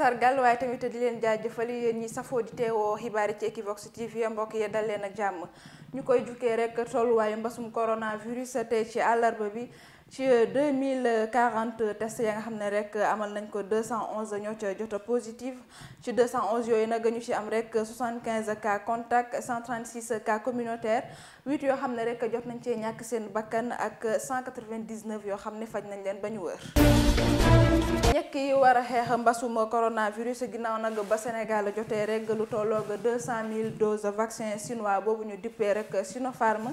sargal waaye tamit di leen jaajëfal yéen ñi safoo di teewoo xibaari ci Equivox TV mbokk yi dal leen ak jàmm ñu koy jukkee rek tolluwaayu mbasum coronavirus tey ci àllarba bi ci 2040 tests ya nga xam ne rek amal nañ ko 211 ñoo ca jot a positif ci 211 yooyu nag ñu ci am rek 75 cas contact 136 cas communautaire 8 yoo xam ne rek jot nañ cee ñàkk seen bakkan ak 199 yoo xam ne faj nañ leen ba ñu wër. ñekk yi war a xeex mbasum coronavirus ginnaaw nag ba Sénégal jotee rek lu tolloog 200 000 doses vaccin chinois boobu ñu dippee rek Sinopharm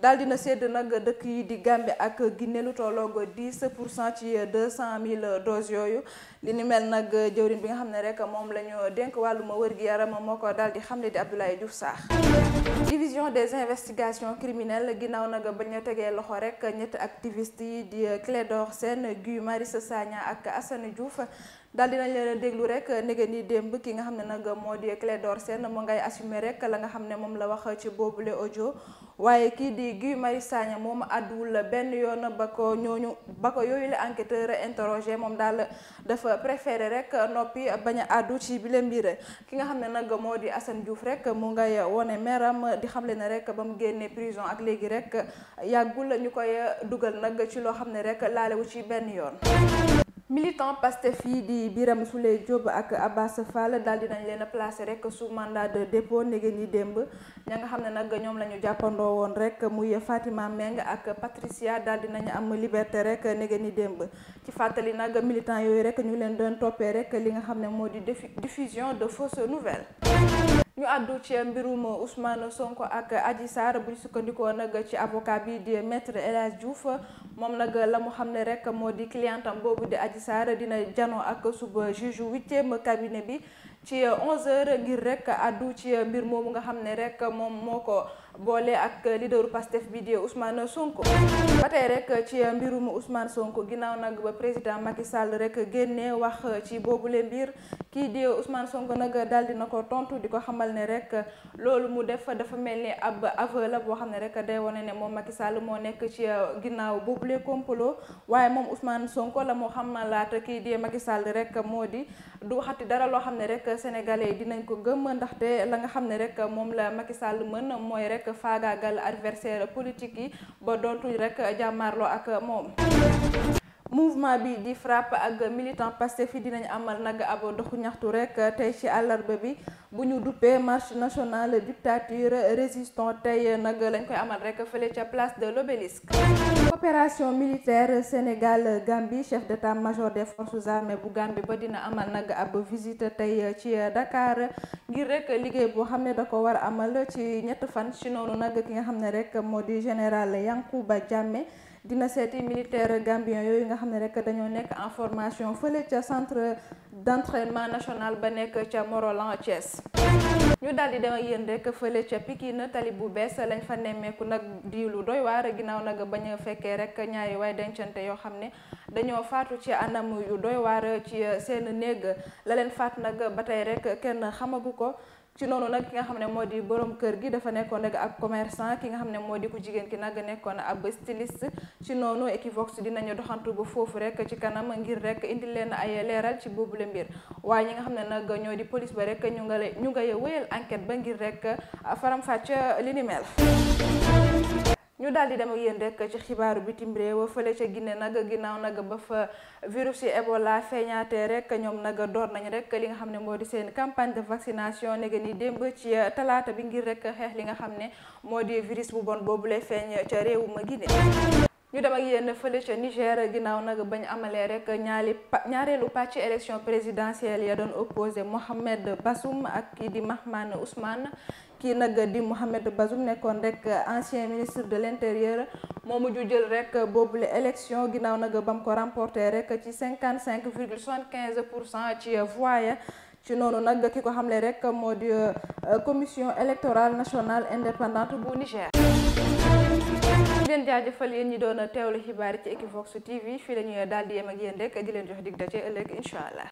daal dina sedd nag dëkk yi di gàmbi ak Guinée lu tolloog 10 pour cent ci 200000 doses yooyu li ni mel nag jëwriñ bi nga xam ne rek moom la ñu dénk wàlluma wër gi yaram moo ko daal di xamle di Abdoulaye Diouf Sarr division des investigations criminelles ginnaaw nag ba ñu tegee loxo rek ñetti activistes yi di Clédor seen Guy Marius Sagna ak Assane Diouf daal dinañ leen déglu rek nege ni démb ki nga xam ne nag moo di Clédor Sène mu ngay assumé rek la nga xam ne moom la wax ci boobule ojo waaye kii di Guy may Sagna moom àdduwul benn yoon ba ko ñooñu ba ko yooyu la enquêteur interrogé moom daal dafa préféré rek noppi bañ a àddu ci bile mbir ki nga xam ne nag moo di Assane Diouf rek mu ngay wone meram di xamle ne rek ba mu génnee prison ak léegi rek yàggul ñu koy dugal nag ci loo xam ne rek laalewu ci benn yoon militant Pastef yi di biram su Souleye Diop ak Abbas Fall daal dinañ leen a placé rek sous mandat de dépôt ndege ni démb ña nga xam ne nag ñoom la ñu jàppandoo woon rek muy Fatima Meng ak Patricia daal dinañ am liberté rek ndege ni démb ci fàttali nag militant yooyu rek ñu leen doon toppee rek li nga xam ne moo di diffusion de fausses nouvelles ñu àddu ci mbirum Ousmane Sonko ak Adji Sarr bu sukkandikoo nag ci avocat bi di maître El moom nag la mu xam ne rek moo di clientam boobu di aji Sarr dina janoo ak suba juge huitième cabinet bi ci 11h ngir rek àddu ci mbir moomu nga xam ne rek moom moo ko. boole ak leaderu Pastef bi di Ousmane Sonko. ba tey rek ci mbirum Ousmane Sonko ginnaaw nag ba président Macky Sall rek génne wax ci boobu boobule mbir kii di Ousmane Sonko nag daal di na ko tontu di ko xamal ne rek loolu mu def dafa mel ni ab aveu la boo xam ne rek day wane ne moom Macky Sall moo nekk ci ginnaaw boobule complot waaye moom Ousmane Sonko la moo laata kii di Macky Sall rek moo di du waxati dara loo xam ne rek sénégalais dinañ ko gëm ndaxte la nga xam ne rek moom la Macky Sall mën mooy rek. rek faagaagal adversaire politique yi ba dootuñ rek jàmmaarloo ak moom mouvement bi di frappe ak militant Pastef fi dinañ amal nag ab doxu ñaxtu rek tey ci àllarba bi bu ñu duppee marche nationale dictature résistant tey nag lañ koy amal rek fële ca place de l'obélisque coopération militaire Sénégal Gambie chef d'état-major des forces armées bu Gambie ba dina amal nag ab visite tey ci Dakar ngir rek liggéey boo xam ne da ko war a amal ci ñett fan ci noonu nag ki nga xam ne rek moo di général Yankuba Jammeh dina seeti militaire gambien yooyu nga xam ne rek dañoo nekk en formation fële ca centre d'entraînement national ba nekk ca Morolan Thiès. ñu daal di dem ak yéen fële ca Pikine tali bu lañ fa nemmeeku nag di lu nekkee rek ñaari way dencante yoo xam ne dañoo faatu ci anam yu doy waar ci seen néeg la leen faat ba tey rek kenn xamagu ko ci noonu nag ki nga xam ne moo di borom kër gi dafa nekkoon rek ab commerçant ki nga xam ne moo di ku jigéen ki nag nekkoon ab styliste ci noonu Equivox ñu doxantu ba foofu rek ci kanam ngir rek indi leen ay leeral ci boobule mbir waaye ñi nga xam ne nag ñoo di police ba rek ñu nga ñu ngay wëyal enquête ba ngir rek faram-fàcce li ni mel. ñu daal di dem ak yéen rek ci xibaaru bitim réew fële ca Guinée nag ginnaaw nag ba fa virus yi Ebola feeñaatee rek ñoom nag door nañ rek li nga xam ne moo di seen campagne de vaccination ne ni démb ci talaata bi ngir rek xeex li nga xam ne moo di virus bu bon boobu lay feeñ ca réewum Guinée. ñu dem ak yéen fële ca Niger ginnaaw nag bañ amalee rek ñaari ñaareelu pàcc élection présidentielle ya doon opposé Mohamed Bazoum ak kii di Mahman Ousmane kii nag di Mohamed Bazoum nekkoon rek ancien ministre de l'intérieur moo mujj jël rek boobule élection ginnaaw nag bam ko remporté rek ci 55 virgule 75 pour cent ci voix ya ci noonu nag ki ko xamle rek moo di euh, commission électorale nationale indépendante bu Niger. di leen jëfal yéen ñi doon teewlu xibaar ci Equivox TV fii la ñuy daal di yem ak yéen rek di leen jox dig daje ëllëg incha allah.